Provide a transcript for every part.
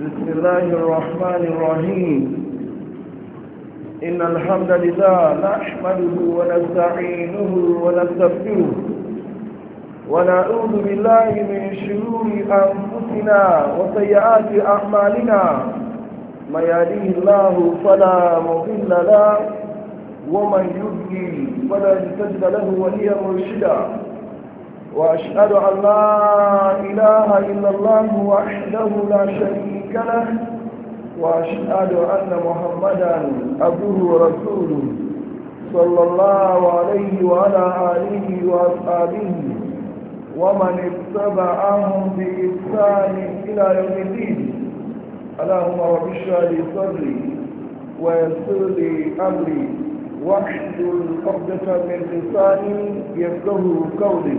بسم الله الرحمن الرحيم إن الحمد لله نحمده ونستعينه ونستغفره ونعوذ بالله من شرور أنفسنا وسيئات أعمالنا ما يهديه الله فلا مضل له ومن يضلل فلن تجد له وليا مرشدا وأشهد أن لا إله إلا الله وحده لا شريك له وأشهد أن محمدا أبوه ورسوله صلى الله عليه وعلى آله وأصحابه ومن اتبعهم بإحسان إلى يوم الدين اللهم رب اشرح لي صدري ويسر لي أمري واحلل عقدة من لساني يفقهوا قولي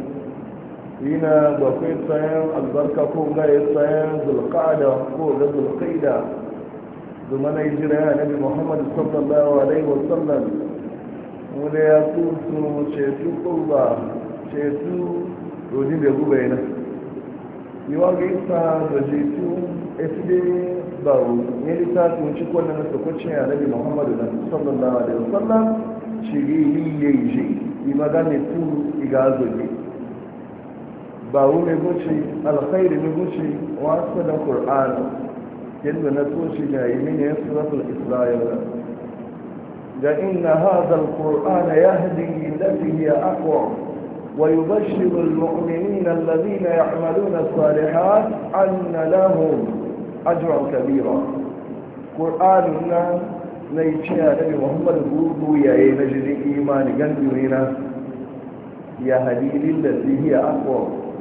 Ina da kai tsayen albarka ko ga ya tsayen zulqa'da ko ga zulqaida zuma na jira ya nabi muhammad sallallahu alaihi wa sallam wanda ya kusu cetu kurba cetu rodi da gube na wa ga isa da cetu da ba ne littafin ci kwanan na sakwacin ya nabi muhammad sallallahu alaihi wa sallam shiri yi yayi je ima ga ne tu igazo ne ba wu mai guci alkhairi mai guci wasu da ƙur'ani yadda na toshi ga yi mini ya suratul isra'ila ga inna hazal ƙur'ana ya hadi lafi ya akwa ويبشر المؤمنين الذين يعملون الصالحات أن لهم أجرا كبيرا قرآننا نيتشي نبي محمد قوضو يا نجد إيمان قلبنا يهدي للذي هي أقوى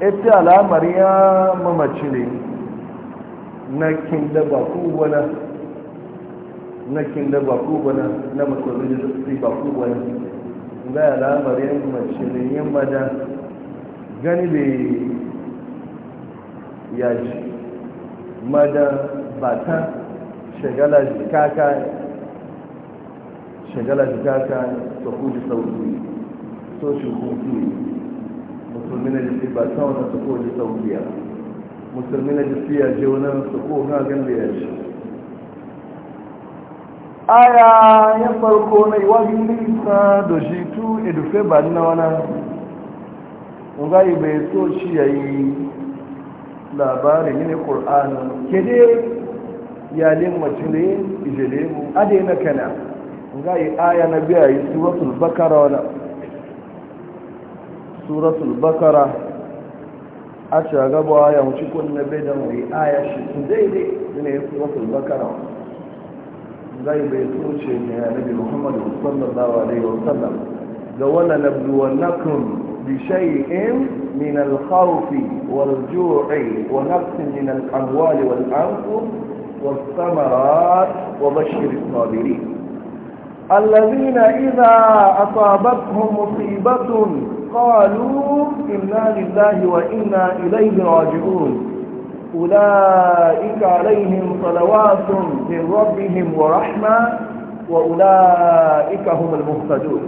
ita alamar ya mamaci ne na kinda ba ku na kinda ba ku na musulmi da su ba ku wani ga alamar ya mamaci ne yin mada gani ya yaji mada bata shagala jikaka shagala jikaka ta kuji sauri so shi hutu musulmina jisi ba ta wani su koji saukiya musulmina jisi ya je wani su ko ha gan da ya shi aya ya farko na yi wajen nisa da shi tu edufe ba na wana yi bai so shi ya yi labari ne ƙur'anin kede yalin mace ne ijele mu adai na kana yi aya na biya yi suratul bakara wana سورة البقرة البكرة أتشاغبوا آية وشكوا النبي دموري آية شكوا زي دي من سورة البكرة زي بيسوشين يا نبي محمد صلى الله عليه وسلم لولا نبلونكم بشيء من الخوف والجوع ونقص من الأموال والأنفس والثمرات وبشر الصابرين الذين إذا أصابتهم مصيبة قالوا إنا لله وإنا إليه راجعون أولئك عليهم صلوات من ربهم ورحمة وأولئك هم المهتدون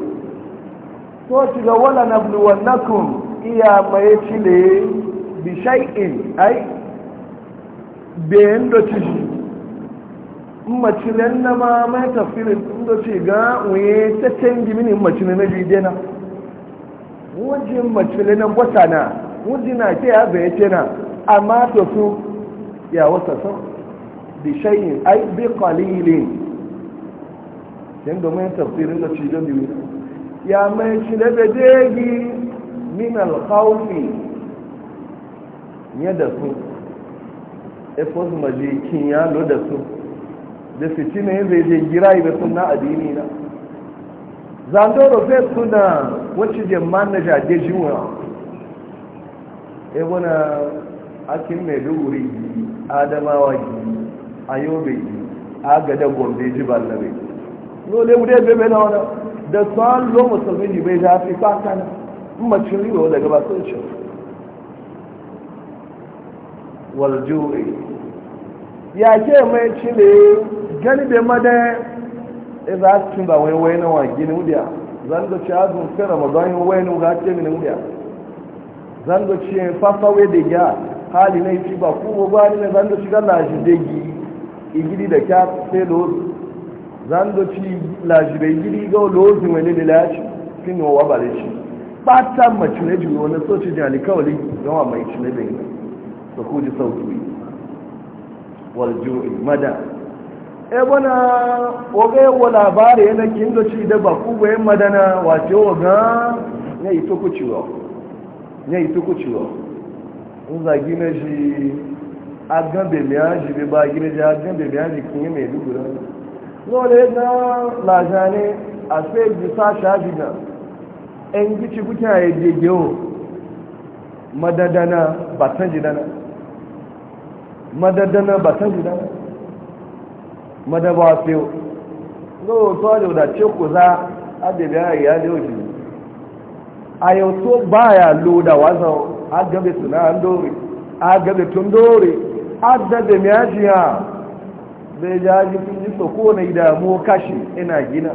توتي ولا نبلونكم إيا ما يتلي بشيء أي بين دوتشي macin nan na ma mai tafsirin inda ce ga wuye ta canji mini macin na jidena wujin matsalinan na na wujin na ke ya zai ce na amma to su ya wasa su da shayin ai bi kwalilin yan da mai tafsirin da cijon da wuri ya mai shile da bejegi min alkhawfi ya da su efos majikin ya lo da su da fitina zai je gira ibe sun na adini na zandoro zai suna wacce jemman na jade jiwa e wana akin mai duguri adamawa gi ayobe gi agada gombe ji ballabe lole mu dai bebe na wani da tsohon lo musulmi ne bai zafi fata na macin riwa daga gaba sun ce waljuri ya ke mai cile gani bai madaya Eh, za a cikin ba wai wai na wagi na wudiya zan da ci azun fi ramadan yi wai na wuga ce mini wudiya zan da ci yin fafawe da gya hali na ifi ba kuma ba ni na zan da ci ga lashi da gi igidi da kya sai lozu zan da ci lashi da igidi ga lozu mai ya lashi fi ne wa ba da shi fata mace na jiri wani soci jali kawali gawa mai ci na bai da ku ji wal ju'i mada ebona oge wa labari yana kindo ci da ba bayan madana wace oga ya yi tuku ciwo ya yi tuku ciwo in za gina shi a gambe miya shi bai ba gina shi a gambe miya shi kin mai dubura lori na lajane a sai ji sa shafi na en gici kuke a yadda gewo madadana batan jidana madadana batan jidana madaba fi lọ́wọ́ to àjọ da tí ó kò za adèbẹ̀ àyà lè òjì ayọ̀ tó bá àyà lo da a wázan agẹ́bẹ̀ tó náà ń dóòrè agẹ́bẹ̀ tó a da adẹ́bẹ̀ mi ájì ha be ja ji kun ji to ko ne da mu kashi ina gina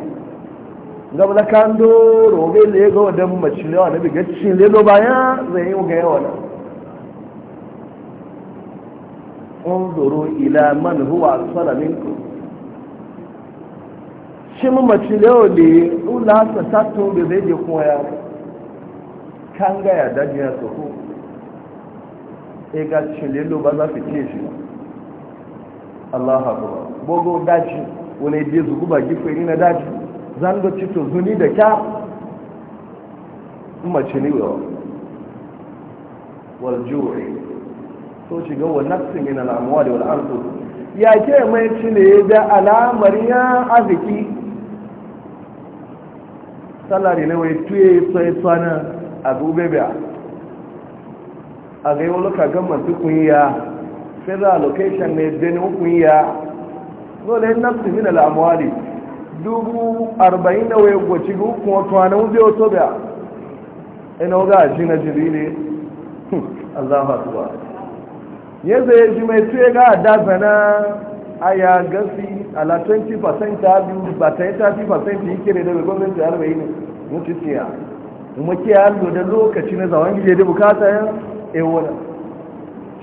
gaba da kan doro be le go da ga wadan mace lewa na biga cikin lelo baya zai yi ga yawa انظروا الى من هو اصل منكم cin mace yau da ɗula sa tattu da zai je kuma ya. kan gaya daji na ku e ga cililo ba za fi ce shi Allah haku bogo daji wani je zugu ba gife ni na daji zan da cito zuni da kya mace ne wa wal ju'i so shiga wa nafsin min al amwali wal anfus ya ke mai cile da alamar ya aziki salari na wai tuye tsaye tsana a gobe biya a ga yi wani kagan masu kunya federal location ne benin kunya dole yin nafsu min al'amuwali dubu arba'in na wai gwaci ga hukun tuwanin wuje wato biya ina waga a ji jiri ne a zafa tuwa yanzu ya ji mai tuye ga a dazana aya gasi ala 20% ta biyu ba ta yi 30% yi kere da gwamnati da arba'in ne mutu tiya kuma ke hallo da lokaci na zawon gije da bukata ya eh, wani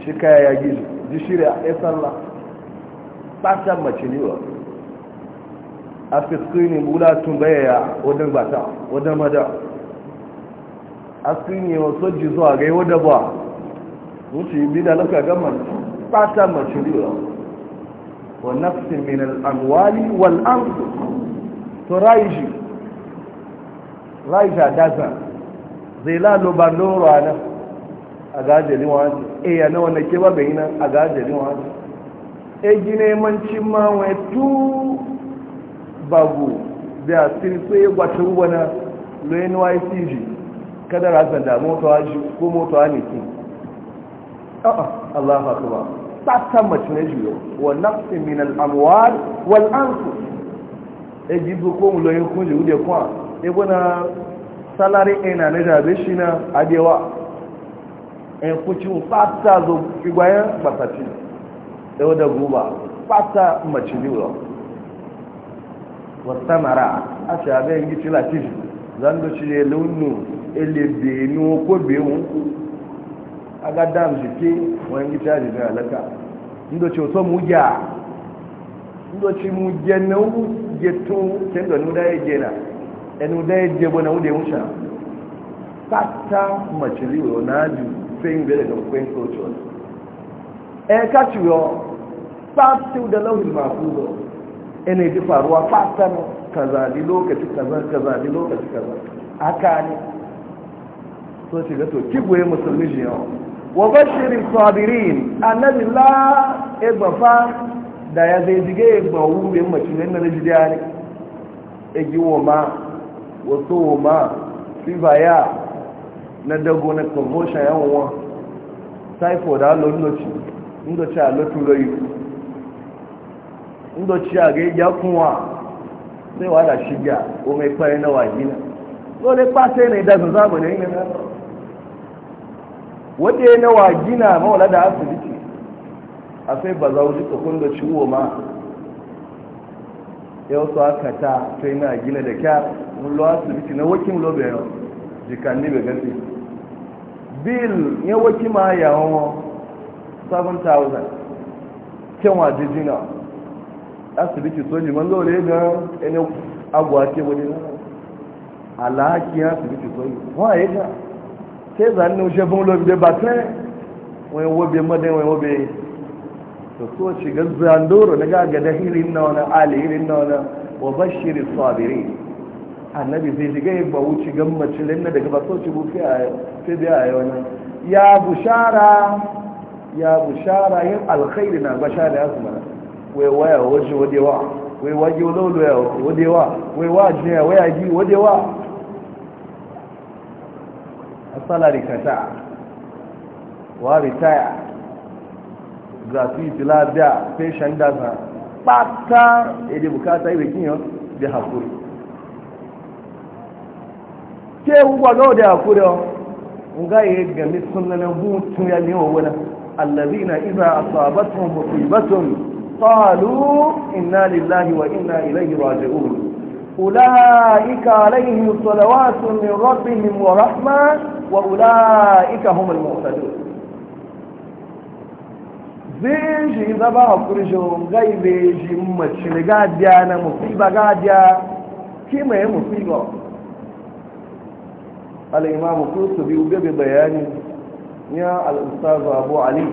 shi kaya ya gizo ji shirya a eh, ya sallah ɓatan mace ne wa a ne mula tun bayaya wadon bata wadon mada a ne wa soji zuwa ga yi wadda ba mutu yi bi da laka gama ɓatan mace ne wa wa nafsin min al'amwali wal amsu to raiji raija daza zai lalo ba loro eh, ana a gajeri wani e ya na wanda ke ba bai nan a gajeri wani e gine mancin ma wai tu babu da sirfe gwata wana lo nycg kadar azan da motowa ko motowa ne ke a'a allah akbar satan mace na juyo wa nafsin min al'amwar wal ansu e ji bu ko mu loyin kun jude kwa e bona salari ina e na da be shi na adewa e ku ci mu fata zo igwayan patati e wada guba fata mace juyo wa samara a sha ga yin gici latifi zan do shi ne launu elebe ni ko be won aga dam jike wani gita jibe alaka ndo ci oto muja ndo ci muje na u jetu kenga nuda e ya jena, enu da e ya jebo na ude musha pata machiliwo na ju fein bele e da kwen socho e kachiwo pati da lauhin mafuzo ene ji faruwa pata no kaza di lokaci kaza kaza di lokaci kaza aka ne so shiga to kibwe musulmi shi yawon wa bashirin sabirin annabi la egbafa da ya zai jige egba wuri mace na rijiya ne egi ma wato ma fiba ya na dago na promotion yawon typhoid a lulloci indoci a lotuloyi indoci a ga ya kunwa sai wa da shiga o mai kwari na wajina ne pàṣẹ na idazun zagbọn ne wadda ya nawa gina maula da asibiti a sai ba za wuce tukun da ciwo ma yau su aka ta sai na gina da kya mullo asibiti na wakin lobe yau jikanni bai gasi bil ya waki ma yawon 7,000 kyanwa jijina asibiti soji man lore ga ene agwa ke wani alhaki asibiti soji wa ya ga sai zanen wuce bin lobi bai ba tun wani wabe madan da so ci ga zandoro na gaga da hirin na wani ali hirin na wani wa bashiri sabiri annabi zai shiga ya ba wuce gan mace lanna daga ba so ci bufi a sai ya bushara ya bushara yin alkhairi na bashara ya su mana wai waya waje wadewa wai waje wadewa wadewa wai waje waya gi wadewa Sala salary kata wa retire gratuity labia patient data pata ede bukata iwe kinyo da hakuri ke ugwa ga da hakuri o nga yi gami sunan hutu ya ne wona allazina idza asabatuhum musibatun qalu inna lillahi wa inna ilayhi raji'un ulaika alaihim salawatun min rabbihim wa rahmah wa'ula'ika humul muhtadun zai shi zaba a kurjin gaibe shi mace gadiya na musiba gadiya ki mai musiba al'imamu kursu biyu gabe bayani ya al'ustazu abu ali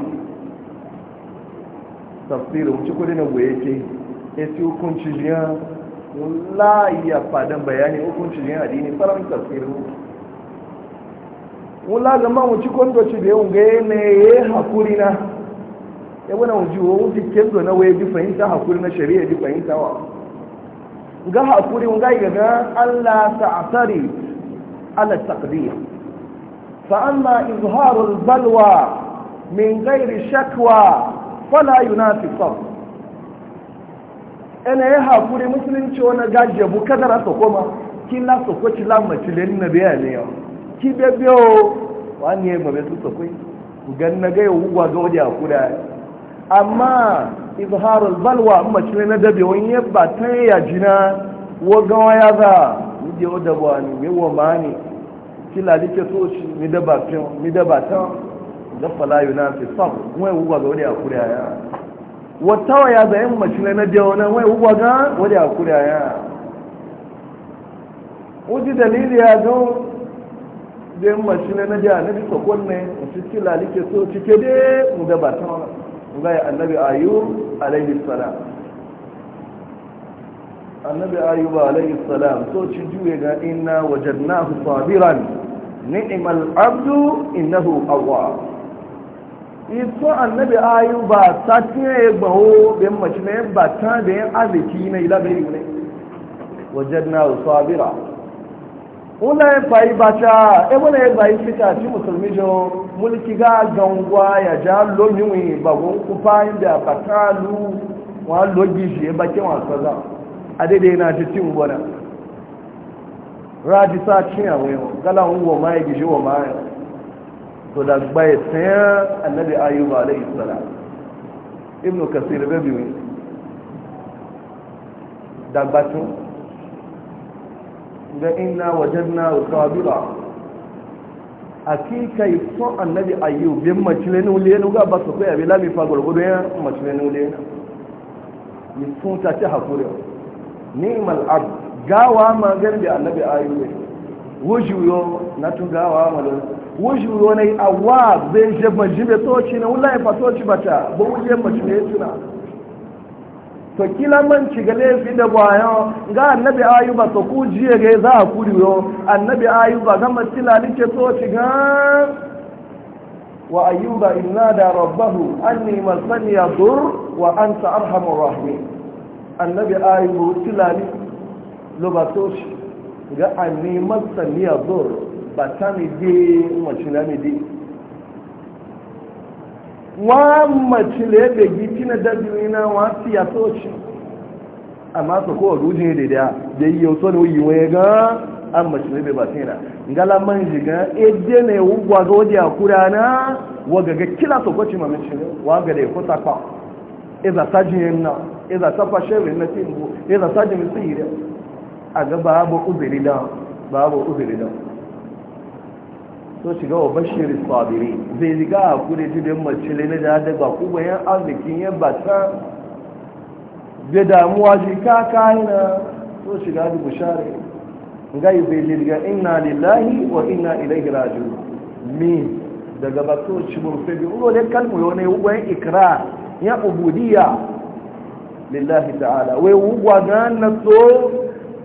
tafsirin ci kudi na goye ke esi hukunci jiya wula iya fadan bayani hukunci jiya adini faran tafsirin wula zama wuci kwando ci da yawon gaya ne ya yi hakuri na ya wani wuji wa wuji kendo na waya ji fahimta hakuri na shari'a ji fahimta wa ga hakuri wunga yi gaga allah ta'asari ala taqdir fa amma izharul balwa min ghairi shakwa fala yunafi sabr ene ya hakuri musulunci wani gajiya bu kadara su koma kila su lamar lamaci na biya ne yau ki be biyo wani ya mabe su sakwai gan na gaya hugwa ga waje a kuda amma izharul balwa amma shi na dabe wani ya ba ta ya jina wa gawa ya za muje wa dabuwa ne yawa ma ne kila dike so shi mi daba ta mi daba ta da fala yunafi sab wai hugwa ga waje a kuda ya wata ya za yamma shi na dabe wani wai hugwa ga waje a kuda ya wuji dalili ya zo zai shi na na jiya na bi kwakwan ne su lalike so cike dai mu mu ga annabi ayu alaihi salam annabi ayu alayhi salam so ci juye ga inna wajadnahu sabiran ni'mal abdu innahu awwa ito annabi ayu ba ayyuba satiye gbawo bin mace ne ba ta da yin arziki na ilabai ne wajadnahu sabira una ya bayi bata e wani ya bayi fita ci musulmi jo mulki ga gangwa ya ja lonyinwe bagon kufa inda fatalu wa logi shi ya bakin wasa za a daidai na ji cin gwana raji sa cin a wayo gala hungo ma ya gishi wa ma to da bai sayan annabi ayyuba alaihi salam ibnu kasir babiwi dagbatun ga inna wajenna sabira akika ito annabi ayyub bin macileni ulenu ga ba su kai abi lami fa gurgudu ya macileni ulenu ni sun ta ta hakuri ni'mal abd gawa ma gan da annabi wuju yo na tun gawa ma don yo ne awa zai je majibe ci na wallahi fa ci bata bo wuje macileni tuna to kila man ci ga laifi da bayan ga annabi ayuba to ku jiye ga za a kuriyo annabi ayuba ga matila nike to ci ga wa ayuba inna da rabbahu anni masani ya dur wa anta arhamu rahim annabi ayuba tilani lo ba to ci ga anni masani ya dur ba ta mi de mu ci na mi wa mace da ya begi tina dabbi na wa siya soci amma su kowa rujin da da da yi yau sani wuyi wani ga an mace da ya beba tina ngala man jiga ede ne wugwa ga waje a kura na waga ga kila su kwaci ma mace waga da ya kusa kwa iza sajin yin na iza safa shirin na timbo iza sajin su a ga babu uzuri da babu uzuri da so ci wa bashir sabiri zai riga a kure jibin macile na da daga kuma yan arzikin yan bata da damuwa shi ka kayana so shiga da bushare gai zai jirga ina lillahi wa ina ilai rajiun min daga bato ci murfe bi uro ne kalmu yau ne wani ikra ya ubudiya lillahi ta'ala wai wugwa ga na so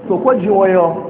so wayo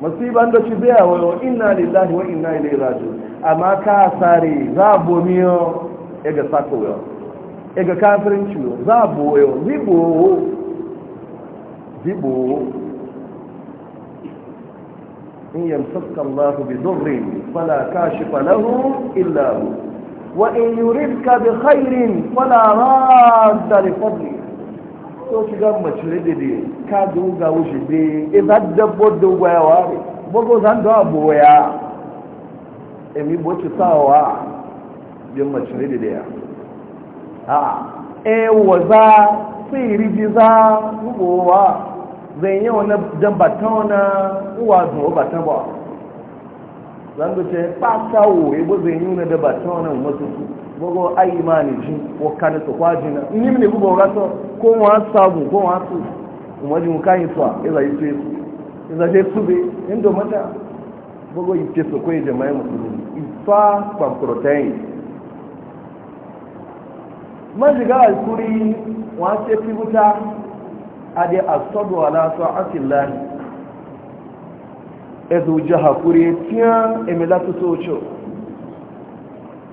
musiban da shi biya wayo inna lillahi wa inna ilaihi raji'un amma ka sare za bomiyo e ga sako yo e ga kafirin ciwo za boyo zibo zibo in yamsaka Allah bi dhurrin fala kashifa lahu illa hu wa in yuridka bi khairin fala radda li fadlihi so ki ga mace da de ka ga wuce be e za dabbo dogwa ya ware bogo zan do aboya e mi bo ci sawa bin mace da de ya a e waza sai za ubowa zan yi wani jan batona uwa zuwa bata ba zan ga ce fata wo e bo zan yi wani da batona masu bogo ayi mani jin ko kan su kwajina ni ne bugo rato ko wọn sabu ko wọn su kuma ji muka yi tuwa iza yi tuye su iza je su be inda mata gbogbo ike ce su ko yi jama'i musulmi ifa kwamfurotayi majiga alkuri wọn ce fi wuta a dai asadu ala su asillahi ezu jahakuri tiyan emila su cho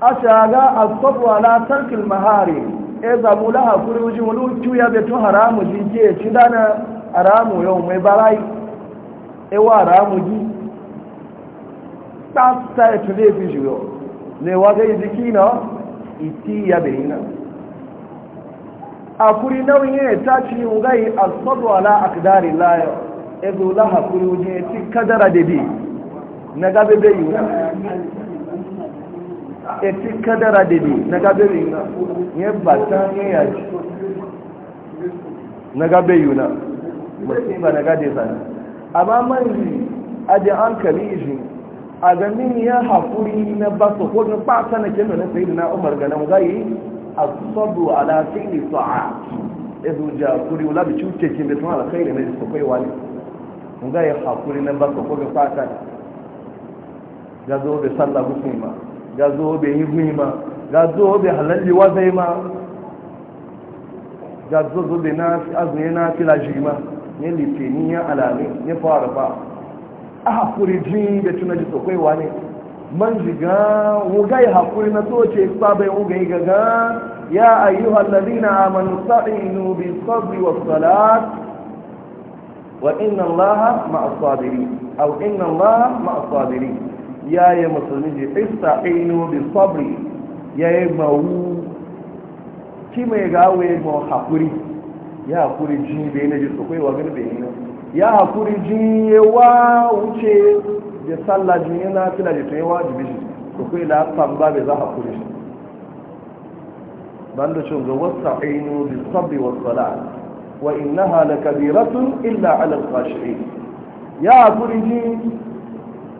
a shaga asadu ala tarkil mahari e zamu la hakuri wuji wani kiyu ya beto haramu ji ke ci dana haramu yau mai barai e wa haramu ji ta ta e tule fi juyo ne wa ga jiki na iti ya bayina akuri nauyin ya ta ci ngai asadu ala aqdari la ya e zo la hakuri wuji ci kadara da bi na gabe bai yi eti kadara dede na gabe yuna ya bata ya yaji na gabe yuna musulma na gade zane amma manzi a da an kalishi a ya haƙuri na basa ko na fata na na sayi na umar ga nan gayi a sabu ala fi'li sa'a ezu ja kuri wala bi cuce kin da tun na ya haƙuri na sallah ga zo bai yi gwi ma ga zo bai halalli wazai ma ga zo bai na azumi na fila ma ne litini ya alami ne fara ba a hakuri ji da tuna ji sokwaiwa ne man shiga wuga ya hakuri na soce sabai wuga yi gaga ya ayyuhal ladina amanu sa'inu bi sabri was salat وإن الله مع الصابرين أو inna allaha مع ya yi musulmi ji ista ainihin bi sabri ya yi mawu ki mai gawo ya yi ma haƙuri ya haƙuri jini yi na ji tsokwai wa gani bai na. ya haƙuri jini ya wa wuce da sallar jini yana fila da tun yi wa jibi shi tsokwai la tamba bai za haƙuri shi ban da cin ga wasta ainihin bi sabri wa sala wa innaha la kabiratun illa ala al ya haƙuri jini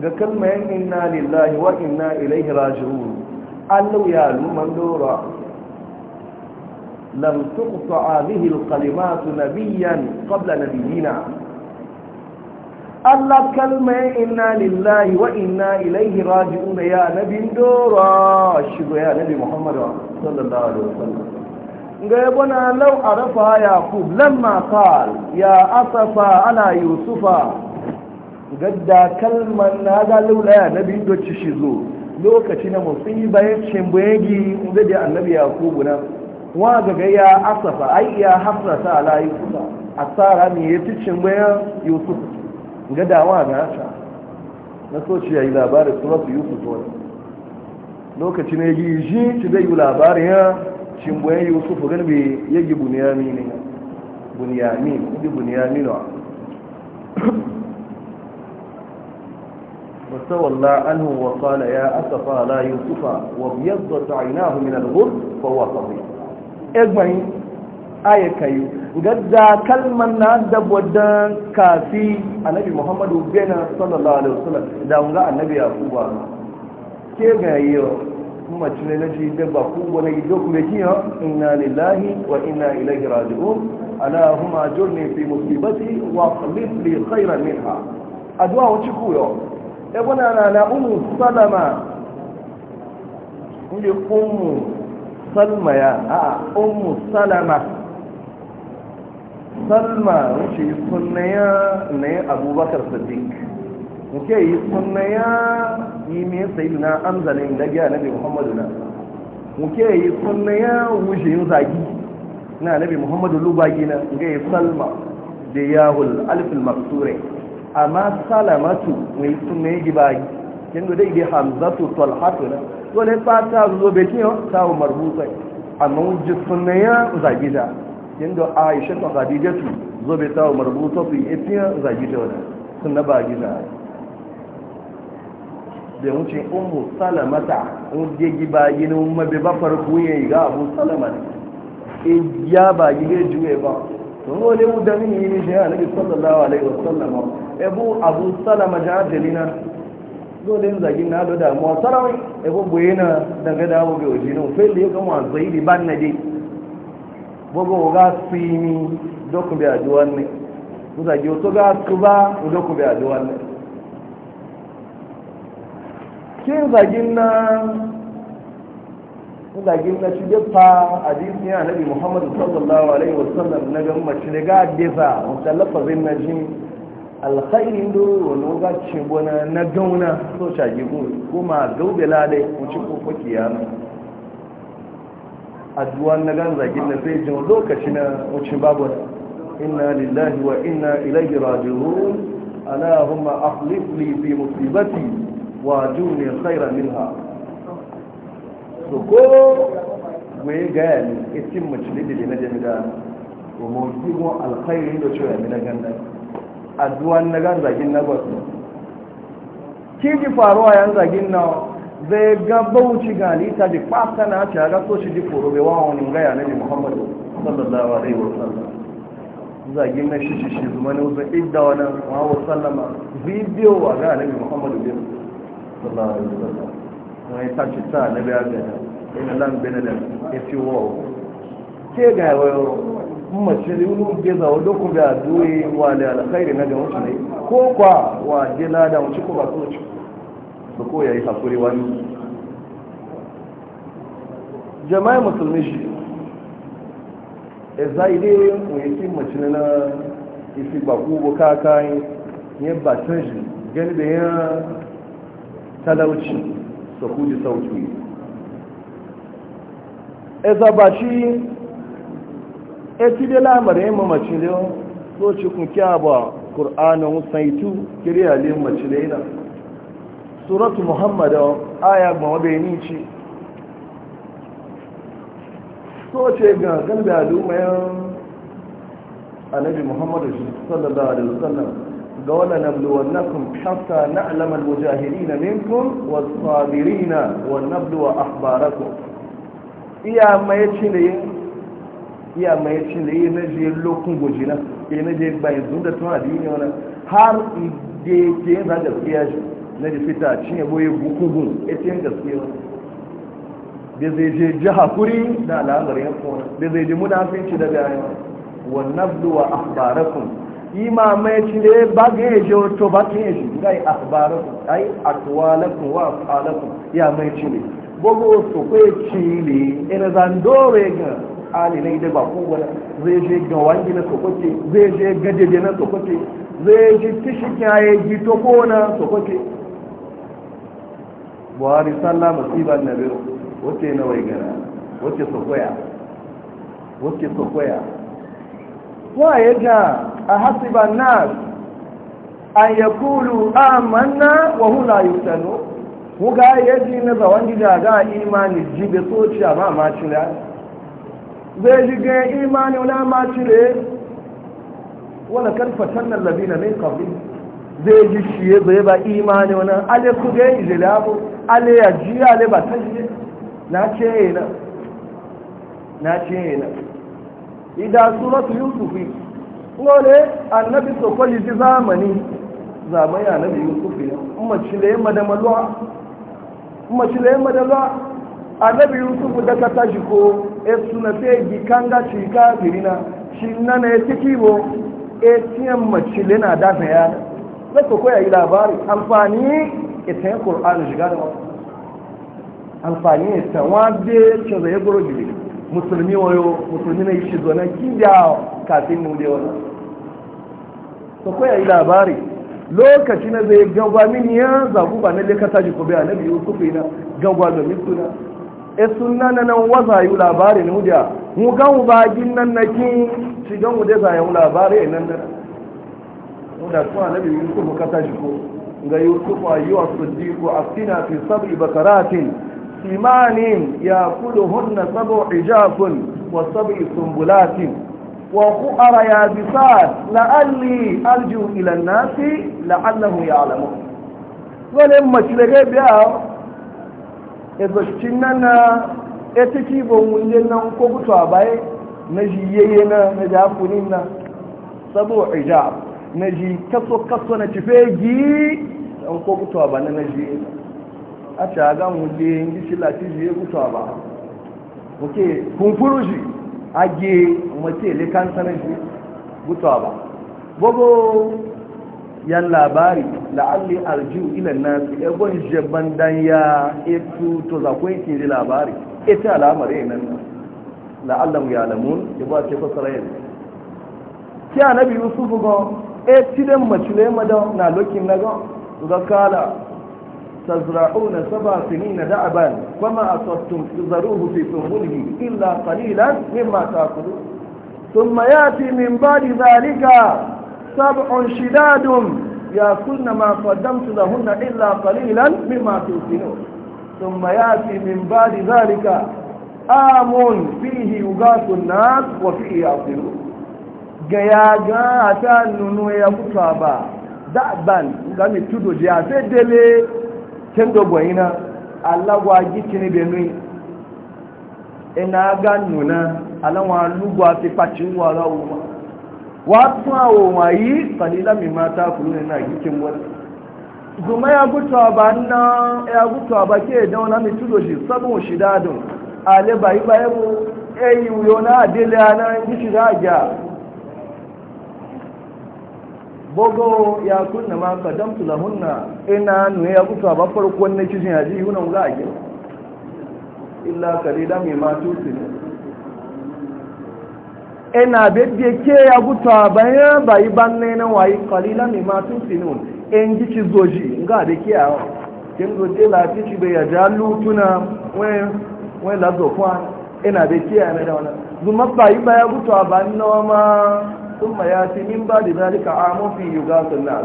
ga kalmayan inna lillahi wa inna ilaihi raji'un allu ya luman dora lam tuqta hadhihi alkalimat nabiyyan qabla nabiyina Allah kalmayan inna lillahi wa inna ilaihi raji'un ya nabin dora shigo ya nabi Muhammad sallallahu alaihi wasallam ga yabona law arafa yaqub lamma qala ya asafa ala yusufa gadda kalmar na ga laulaya na biyu da ci shi zo lokaci na musulmi bayan cimbayegi da da annabi yakubu na wa ga ya asafa ai ya hafrata ala yusufa asara ne ya ci cimbayan yusuf gada wa ga haka na so ci yayi labarin suratu yusuf wani lokaci ne yi ji ci zai yi labarin ya cimbayan yusuf gan bai yagi buniyami ne buniyami ne buniyami ne فتولى عنه وقال يا أسفا لا يوسفا وبيضت عيناه من الغر فهو صغير اجمعين آية كيو قد كلمة نادب ودن كافي النبي محمد بينا صلى الله عليه وسلم دعونا النبي أبو كيف يو ثم تشني نجي shi da ba ku wani gido kuma kiyo inna lillahi wa inna ilaihi raji'un ala huma jurni fi musibati wa khlif ebona na na umu salama ndi ummu salma ya a ummu salama salma wuce sunnaya ne abubakar siddiq nke yi sunnaya yi me sayidu na amzalin da gya nabi muhammadu na nke yi sunnaya wuce yin zagi na nabi muhammadu lubagi na ga yi salma da yahul alfil maksurai amma salamatu mai sun mai gibagi kin da dai bi hamzatu talhatu na dole fa ta zo be kiyo ta marbuta amma wujji sunna ya zagida kin da aisha ta zagida tu zo be ta marbuta fi ifiya zagida wala sunna ba gida da wuce ummu salamata je gibagi ne umma be ba farko yayi ga abu salama ne ya ba ne juye ba tungo le mu dami ni ni jiya nabi sallallahu alaihi wasallam ebu abu salama jajalina dole yin zagin na da damuwa sarawai ebu buyena daga dawo ga ojino fel da ya gama zaidi ban na dai bogo ga sini doku bi aduwan ne mu zagi wato ga su ba doku bi aduwan ne kin zagin na gagin na shige fa hadisi ya nabi muhammad sallallahu alaihi wasallam na gan mace ne ga jefa mutallafa zai na jin alkhairin do wani ga ce gona na gauna so shagi kuma gaube ladai ko ci ko fakiya na addu'a na gan zagin na sai jin lokaci na wuce babu inna lillahi wa inna ilaihi raji'un allahumma akhlif li fi musibati wa ajurni khairan minha so ko goyi faruwa yan zagin na zai ga bauchi ga alita da kwasa na ce ga so shi foro bai wani gaya na muhammadu sallallahu alaihi wa sallam zagin na shi shi zuma ne wuzan idda wani sallama bidiyo wa ga na muhammadu sallallahu alaihi wa sallam wani tashi ta na biya gana ina lan bene da efi wo ke ga wayo mace ne wani ke za wa doku da duwe wa da alkhairi na ga mutane ko kwa wa je na da mutu ko ba so ci ba ko yayi hakuri wani jama'a musulmi shi e zaide mu yake mace na isi ba ku bu kakai ne ba tun gani da ya talauci da kuji sauki e Bashi. e ti de lamar yin so ci kun kya ba saitu kiriya le mace suratu muhammadu aya ba mabeni ce so ce ga gandalu mayan annabi muhammadu sallallahu alaihi wasallam ga wala nabluwannakum hatta na'lam almujahidin minkum na sabirin wa nabluwa akhbarakum iya mai cile iya mai cile na je lokun gojina ke na je bai zunda tun adini wannan har ide ke za gaskiya shi na ji fita cinye boye gukugun ita yin gaskiya da zai je ji hakuri da al'amarin kona da zai ji munafinci da bayan wa nabluwa akhbarakum ima mai ci ne ba ga ya je to ba ta yi ngai akhbarakum ai aqwalakum wa afalakum ya mai ci ne gogo so ko ci ne ina zan dore ga ali ne da ba ko wala zai je ga wani na sokoce zai je ga dede na sokoce zai je tishi kaye ji to ko na sokoce buhari sallah musibar nabi wace na wai gara wace sokoya wace sokoya waye ga a hasiba nas an ya kulu amanna wa hula yutano kuga ya ji na zawon gida ga imani jibe soci a ma macira zai ji ga imani wani macire wani karfatan nan labi na min kabli zai ji shi zai ba imani wani ale ku ya ji labu ale ya ji ale ba ta ji na ce na na ce na ida suratu yusufi lole annabi sokoyi ji zamani zamani annabi yusufi umarci da yamma da maluwa umarci da yamma da maluwa annabi yusufu da ka tashi ko e suna fe gikanga shi kafirina shi nana ya ciki bo e tiyan macile na da ta yana na soko ya yi labari amfani ita yin ƙur'anu shiga da wasu amfani ita wadda cin zai goro gidi musulmi wayo musulmi na yi shi zo na kinda kafin mu da wani to ko yi labari lokaci na zai gagwa mini ya zagu ba na lekata ji taji ko bai annabi yusuf ina gagwa da suna. e sunna na nan waza yi labari ne da mu ga mu ba gin nan na kin shi ga mu da zai mu labari nan da mu da ko annabi yusuf ka ji ko ga yusuf ayyuha as-siddiq fi bakaratin ثمان ya سبع عجاف وسبع سنبلات وخؤر يابسات لعلي ارجو الى الناس لعلهم يعلمون ولما تلغي بها ezo cinnana ita ki ba mu yi nan ko fito a baye na jiyayye na na jafunin na sabo ijab na ji kaso kaso na cife gi ko fito na jiyayye a ci aga wuje yin shi lati shi ya gutu ba muke kumfuru shi age mace le kansanin shi gutu ba bogo yan labari la'alli arju ila nasu egon jaban dan ya etu to ko ke da labari ita al'amari nan nan la'allam ya lamun ya ba ce fasara yanzu ki anabi yusuf go e ma mace ma madan na lokin na go ga kala تزرعون سبع سنين دعبا وما أصبتم تذروه في سنبله إلا قليلا مما تأكلون ثم يأتي من بعد ذلك سبع شداد يأكلن ما قدمت لهن إلا قليلا مما توكلون ثم يأتي من بعد ذلك آم فيه يغاث الناس وفيه يأكلون جياجا أتى nunu ya kutu ba da'ban ga mi kendo na alagwa gitini benui ina e aga nuna alawa lugwa ti pachi wala uma watu awo yi kalila mi na gitin wala zuma ya gutu ba na ya gutu ba ke da wala e shi sabon shidadun ale bai eyi na ana bogo ya kunna ma kadamtu lahunna ina nu ya kusa ba farko ne kishin haji yuna ga ake illa kalida mai ma tusin ina bebe ke ya guta bayan bayi banne na wayi kalila mai ma tusin en gici zoji ga da ke a kin zoje la tici ya jalu Lutuna wai wai la zo kwa ina da ke a na da wannan zuma bayi baya noma sun ma ya ce min ba da zalika a mafi yuga sun na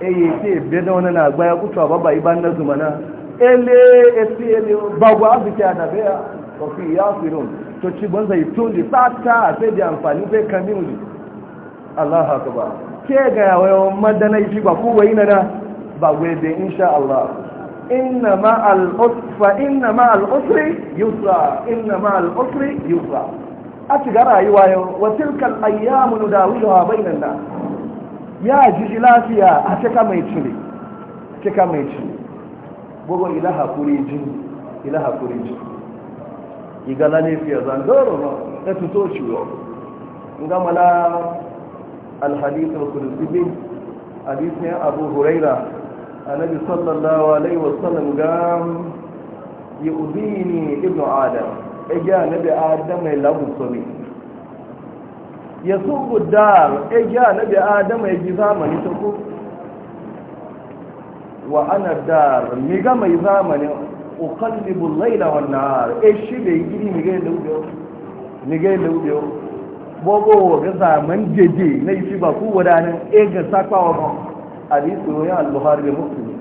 e yi ce biya da wani na gbaya kutuwa ba ba iban na zumana ele esi ele ba gwa zuke a dabeya kofi ya firun to ci ban zai tun sata sai da amfani zai kami mu Allah haka ba ke ga yawayon madana yi ba ku wai na ba gwai insha Allah a shiga rayuwa yau watilkan ayyamu nudawiluha bainan nas ya ji lafiya a cika mai cire cika mai cire gogo ila hakuri jin ila hakuri jin Iga na fiye zandoro ma ta fito ciwo gama na alhadisul kudusibi hadisun abu huraira annabi sallallahu alaihi wasallam ga yi ubini ibn adam ege annabi adam mai laguso ne ya sugu dar ege annabi adam mai ji zamani ta ku wa ana dar mi ga mai zamani uqallibu laila wa nahar e shi da gidi mi ga lubyo mi ga lubyo bogo ga zaman jeje na yi shi ba ku wadanin e ga sakawa ba hadisi ne al-bukhari da muslim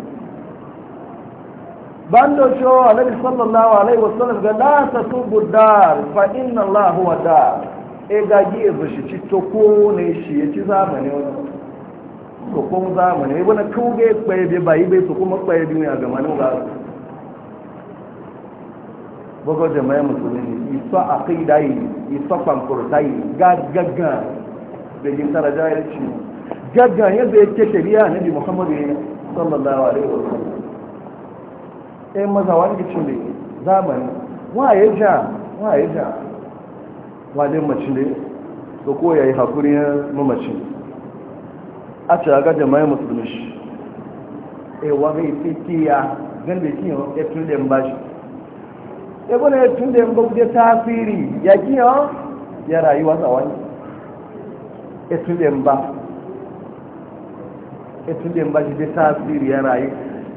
bando cho annabi sallallahu alaihi wasallam ga la tasubu dar fa inna allah huwa dar e ga gi e shi ci to ko ne shi ya ci zamani wani to ko zamani e bana kuge kwaye be bai be to kuma kwaye bi ne a ga manu ga bogo jama'a musulmi isa aqida yi isa kwankurta ga gaggaga da yin tarajayar ci gaggaga yadda yake shari'a nabi muhammadu sallallahu alaihi wasallam sai maza wani cile zamani waye ja waye ja wadin macile da koya yayi hakuri ya mamaci a ce ga jama'a musulmi shi e wa ga fiki ya ganda kin ya tunde mbashi e ya ne tunde mbabu da ya kiyo ya rayuwa tsawani e tunde mba e tunde mba shi da tasiri ya rayuwa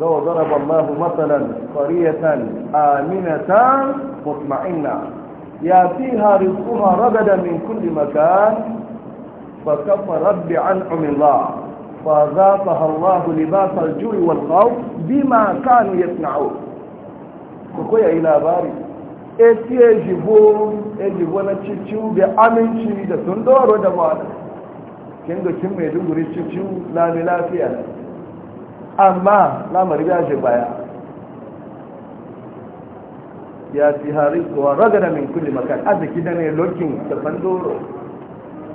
لو ضرب الله مثلا قرية آمنة مطمئنة يأتيها رزقها رغدا من كل مكان فكفرت بأنعم الله فذاقها الله لباس الجوع والخوف بما كانوا يصنعون kukwai إلى باري etiye يجبون ejibo na ciciu da aminci da sun doro da ma'ana kin dokin mai duguri amma lamari ya shi baya ya fi hari kowa ragada min kulle makan arziki da ne lokin da bandoro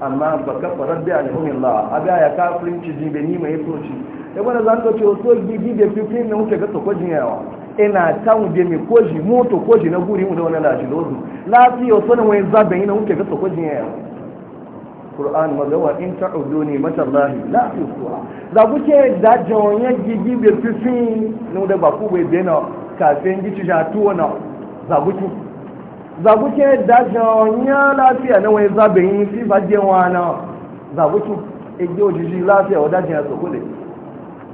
amma ba kafa rabbi a nihumin lawa abi ya kafirin ci bai ni mai soci ya gwada za ta ce wasu gidi da fifi na wuce ga sokojin yawa ina ta wuje mai koji moto koji na guri mu da wani lashi lozu lafiya wasu na wani zaben yi na wuce ga sokojin yawa qur'an maga wa in ta'udu ni matallahi la yusuha za ku ce da jawanya gigi be fifi no da ba ku be bena ka fen gici ja tuwa na za ku ci za ku ce da jawanya lafiya na wai za be yin fi ba je na za ku ci e je ojiji lafiya wa da je so kule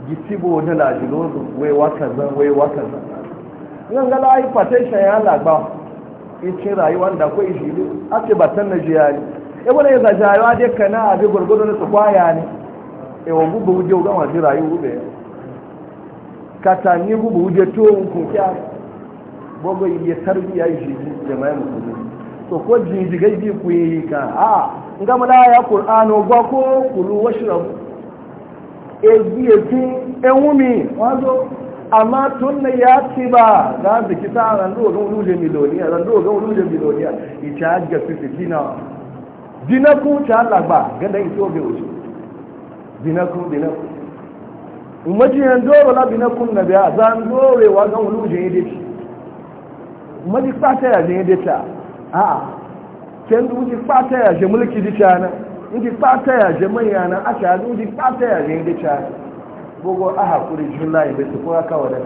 giti bo da la jilo wai wa kaza wai wa kaza nan ga lai patation ya lagba ikin rayuwar da ko ijili ake batan na jiyari e wani za jayo dai na abi gurgudu na tsukwaya ne e wa gubu wuje ga ma jira yi gube katani gubu wuje to ku kya gogo yi tarbiya yi shi jama'a musulmi to ko jinjigai bi ku yi ka a nga mala ya qur'ano gwa ko kulu washrab e bi e tin e wumi wazo amma tun na ya ci ba za su kita a ran dogon ruje miloniya ran dogon ruje miloniya ita ga 50 dinawa dinaku ta lagba gada ito bai wuce dinaku dinaku umajiyan doro la dinaku na biya za n dorewa gan wani wujen yadda ci umaji fata ya je yadda ta a'a can da wuji fata ya je mulki dita na wuji fata ya je manya na a ta wuji fata ya je yadda ta gogo a hakuri jula ya bai su kuma kawai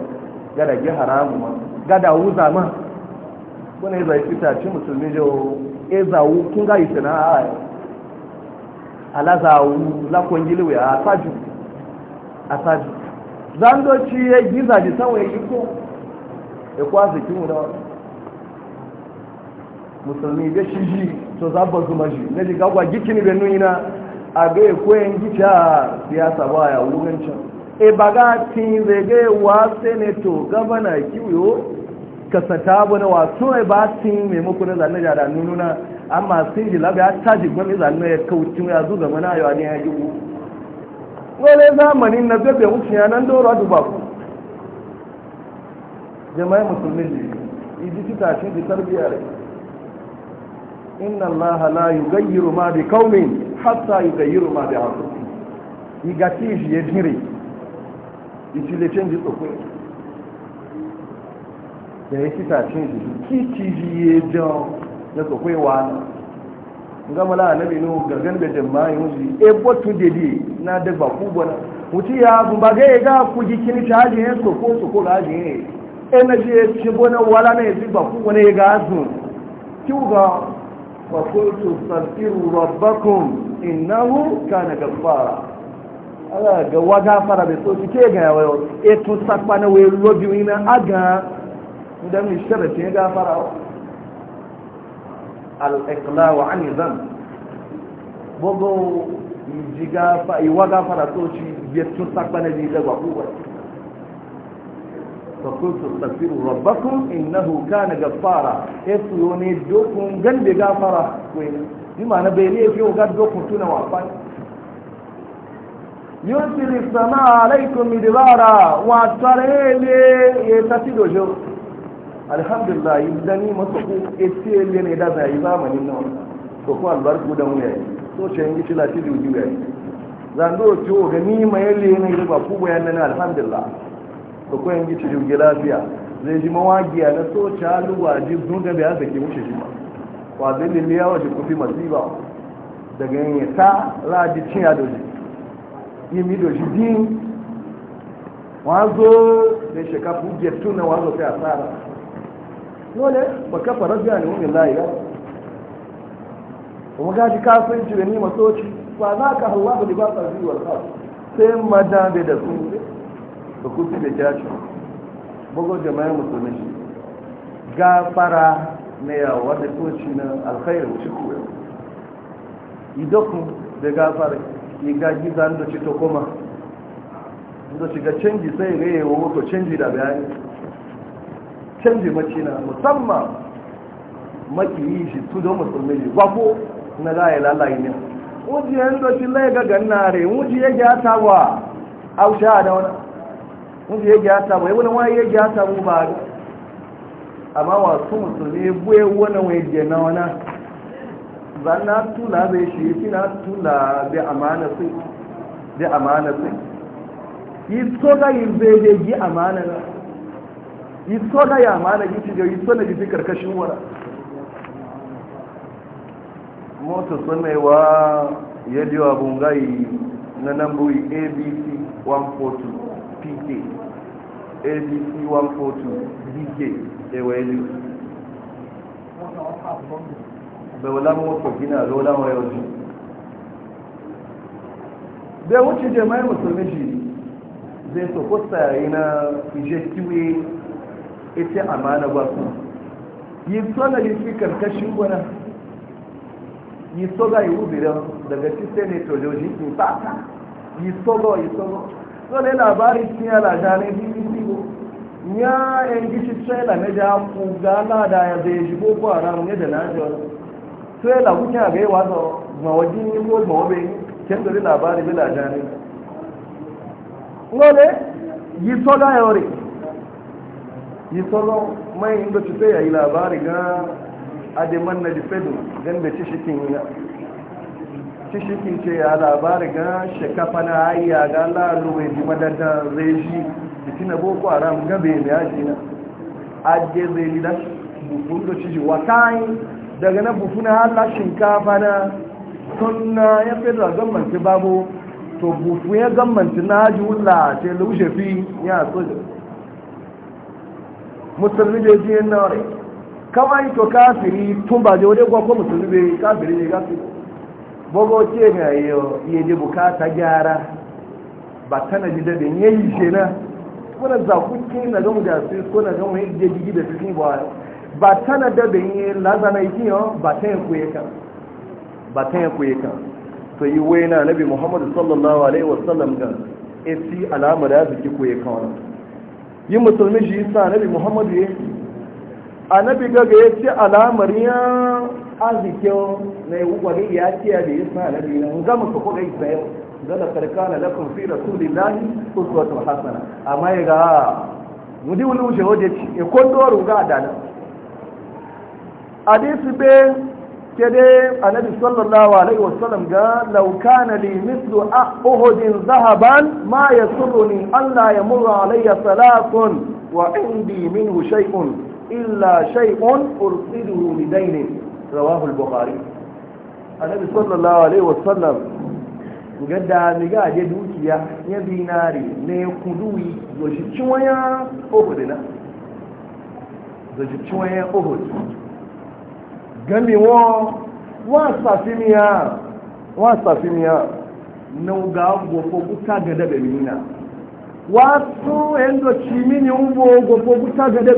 gada gi haramu ma gada wuza ma kuna yi zai fita ci musulmi jau e zawu kun ga yi na ala zawu la kwangili we a saju a saju zan do ci ye giza ji sawo yi ko e kwa zaki mu da musulmi be shi ji to za ba zuma ji ne ga gwa gikini be nuna a ga ko en gicha siyasa ba ya wurin can e baga tin zai ga wa senator governor kiwo kasata abu na wato mai ba su yi maimakon zanen da da nuna amma sun ji labi ya taji gwani zanen ya kauci ya zu zama na yawa ne ya gibu wani zamani na bebe wuce ya nan doro adu ba ku jama'i musulmi ne idi ci shi ji biyar. inna allah la yugayyiru ma bi qaumin hatta yugayyiru ma bi anfusihim igati ji yajiri ijile canji tsokoi da ya kita cin shi kici jan na sakwai gargan da yanzu e botu na da ba ku bona muti ya bu ba ga ga ku ji kini ta ji ne so ko so ga ji ne eh, na je ci bona wala ne ji ba ku ga zu ki ga wa qultu rabbakum innahu kana ala da mai sharafi gafara al'ikla wa an zan gbogbo iwa gafara to ci biyattun ne da gwakwuwa fakultu tsafiru rabbakun innahu kana gafara esu ne dokun gande gafara kwenu yi na bai ne fi ogar dokun tuna wafani yóò sì rí sàmà aláìkòmìdìbára wọn àtàrà èlé ètàtìdòjò alhamdulillah yi zani masu ku etiyar ne da zai zamanin nan to kuma albarku da mu yayi so ce yin gishi da yuju yayi zando ce o ga ni mai yalle ne da ba ku bayan nan alhamdulillah to ko yin gishi yuju lafiya zai ji mawagiya na so ce aluwa ji zunga da ya sake mushi shi ba. wa zai lille yawa ji kufi masiba daga yin ta ladi cin ya doji yi mi doji din wazo da shekafu gettu na wazo sai asara dole ba kafa rabbiya ne mumin layi ya kuma gaji kasuwanci da ni masoci ba za ka hawa ba libasa biyu wal khas sai madabe da su da kusa da jashi bugo jama'ar musulmi gafara na yawa da toci na alkhairu shi kuwa idokun da gafara ya gaji zan da ci ta koma da shiga canji sai ga yawa wato canji da bayani canje mace na musamman maki yi shi su don musulmi ne gwako na laye lalaye ne wuji yan doshi laye ga re wuji ya gyata wa aushe a dauna wuji ya gyata wa wani wani ya gyata mu ba amma wasu musulmi buwe wani wani wana wani na tula bai shi fi na tula bai amana sai bai amana sai yi so ga yi zai yi amana na yi sona ya mana yi cijo yi sona jifi karkashin wara motu mota wa ya wa bungayi na nambuyi abc 142 pk abc 142 dk ewa ya bai wala motu gina lola wa yau bai wuce jama'ai musulmi shi zai sokosta yayi na ije kiwe ita amana ba su yi tsona yi fi karkashin gwana yi tsoga yi ubiran daga ci senator joji in ta yi tsoga yi tsoga tsone labari sun yana janin bbc ko ya yan gishi tsela na ja ku gala da ya zai shi boko haram ne da najiyar tsela kuke a gaiwa da mawajin yi ko mawabe kyan gari labari bila janin lole yi tsoga yau yi solo mai inda ci sai ya yi labari ga ademan na difedu gan da cishikin yana cishikin ce ya labari ga shekafa na ayya ga laluwe ji madadda zai ji jiki na boko haram gabe mai aji na ajiye zai lida bufun da ciji wakayi daga na bufu bufuna hala shinkafa na sunna ya fi da gammanci babu to bufu ya gammanci na ji wula ce lushe fi ya soja musulmi da ji yin nare kama to kafiri tun ba da wani gwakwa musulmi bai kafiri ne gafi bogo ce ga iya ji bukata gyara ba tana ji dadin ya yi ce na kuna zakuki na gamu da su ko na gamu ya ji da su ba ba tana dadin ya lazana yi ba ta yi kuye kan ba ta yi kuye kan to yi wai na nabi muhammadu sallallahu alaihi wasallam ga esi alamar da ya zuki kuye kan wani yi musulmi shi sa nabi muhammadu ya yi a nabi gaga ya ce alamar ya arzikin na yi wani ya ce ya da yi sa nabi na ga musu kuka yi sayo ga da karka na lakon fi su wata hasana amma ya ga mudi wani wuce wajen ci ya kondo ruga a nan hadisi bai ke dai annabi sallallahu alaihi wasallam ga law kana li mithlu uhudin zahaban ma yasurruni alla yamurra alayya salatun wa indi minhu shay'un illa shay'un ursiduhu bidayn rawahu al-bukhari annabi sallallahu alaihi wasallam ga da mi ga je dukiya ya binari ne kudui zo shi ciwaya ohudina zo shi ciwaya ohudina gami wọn wọn sàfihàn wọn sàfihàn gbogbo buta gada bẹ̀ tún ẹ̀ńdọ̀ ni gbogbo buta gada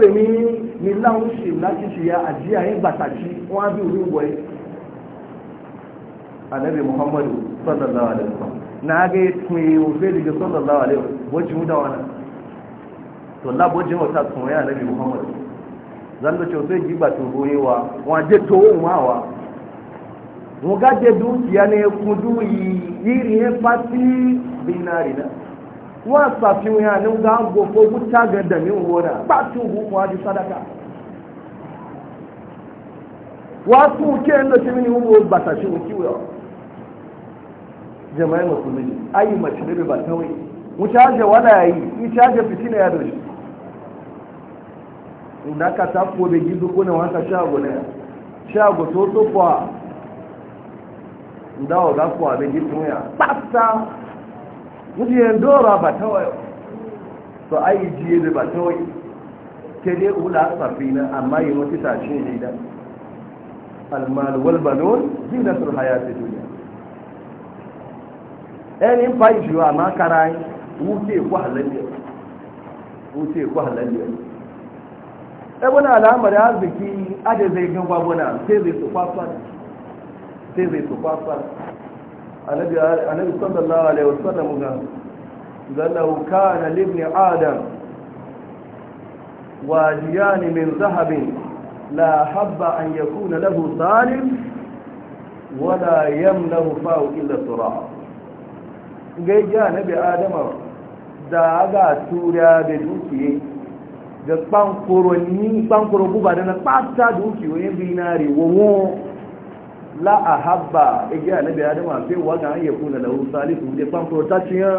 ni láwọn ṣe láti ya àjí àyè bàtàkì wọn á bí orí anabi muhammadu sallallahu alaihi na ofe sallallahu alaihi bojin da zando cho sai jiba tun boyewa wa je to umawa mu ga je dukiya ne ku du yi yiri he pati binari na wa sa fi ya ne ga go ko buta ga da mi wona pati hu mo adi sadaka wa su ke na ti mini hu ba ta shi ki wa jama'a musulmi ayi mace ne ba tawai je wala yi je fitina ya doshi da ka tako da gizo kuna wanka shago ne shago to to kwa da wa kwa da gizo ya pasta muje dora ba tawayo to ai jiye da ba tawayo ke dai ula safina amma yi mutu ta shi ne da almal wal balon zinatul hayati dunya ẹni ń pa ìṣòro àmọ́ kára yín wúté kó wuce yẹn ebuna alamar arziki aje zai gan gwagwana sai zai su kwafar sai zai su kwafar annabi sallallahu alaihi wasallam ga zannahu kana libni adam wajiyani min zahabin la habba an yakuna lahu salim wala yamlahu fa'u illa turab ga ya nabi adama da ga tura da dukiye ga kpankoro ni kpankoro guba da na kpata duki wani binari wawo la a Ege igi anabi adam afe wa ga an yaku na lahu salisu da kpankoro ta ciyan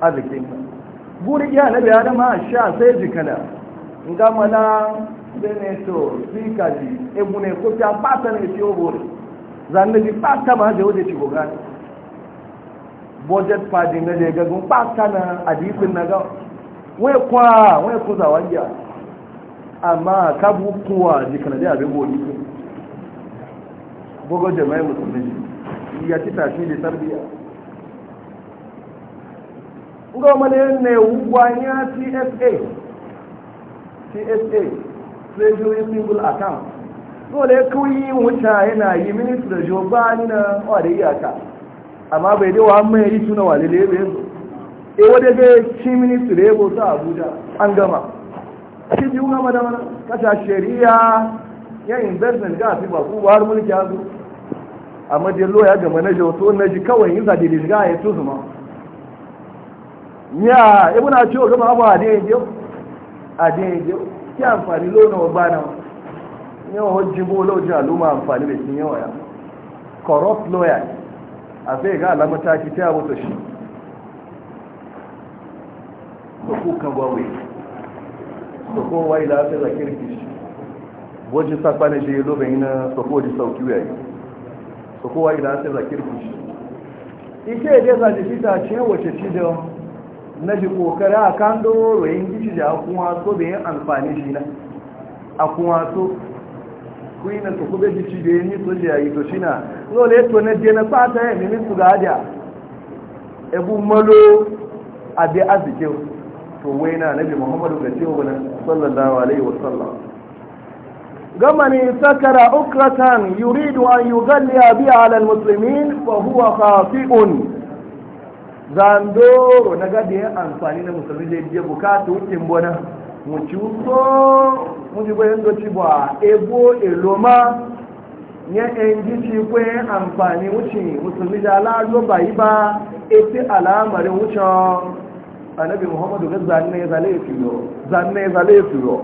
arzikin ka buri igi anabi adam a sha sai jikana nga mana beneto sikaji ebune ko ta kpata ne ti obore zanne di kpata ma je oje ci gogani budget padi na je gagun kpata na adisin na ga. wai kwa wai ku amma ka bu jika na da abin goyi bugo jama'i musulmi ya ci tashi da tarbiya ga mane ne wanya TSA TSA Treasury Single Account dole kawai wuta yana yi ministry Jobani na wadda iyaka amma bai dai wa amma ya yi tuna walile bai zo e eh, wadda ga ci ministry ya bauta abuja an gama shi biyu gama da mana kasha shari'a ya investment ga fi ba ku har mulki ya zo a dai loya ga manaja wato na ji kawai yin zaɗi da shiga ya tuzu ma ya ibu na ciwo gama abu a dai yau a dai yau ki amfani lona wa bana yawa hujji bo lauji al'umma amfani da shi yawa ya corrupt lawyer a zai ga alamata ki ta mutu shi kuka gwawe soko wai da aka zakir kishi waje sakwa na shi lobe yana soko waje sauki wuyayi soko wai da aka zakir kishi ike da za ta fita ce wace ci da na ji kokari a kan doro yin kishi da akuwa so da yin amfani shi na akuwa so kuina to kube ji ci da yin nito da yi to shi na lola to na je na fata ya nemi su ga aja ebu malo abi azikin to waina nabi muhammadu ga cewa sallallahu alaihi gama ne sakara ukratan yuridu an yugalliya huwa khafi'un zandoro na gadi amfani na musulmi da ya bukata wukin bona mu ci so mu ji bayan doci ba ebo eloma ya enji ci kwe amfani wuce musulmi da ala ba yi ba ete alamarin wucin annabi muhammadu ga zanne zale ya fiyo zanne zale ya fiyo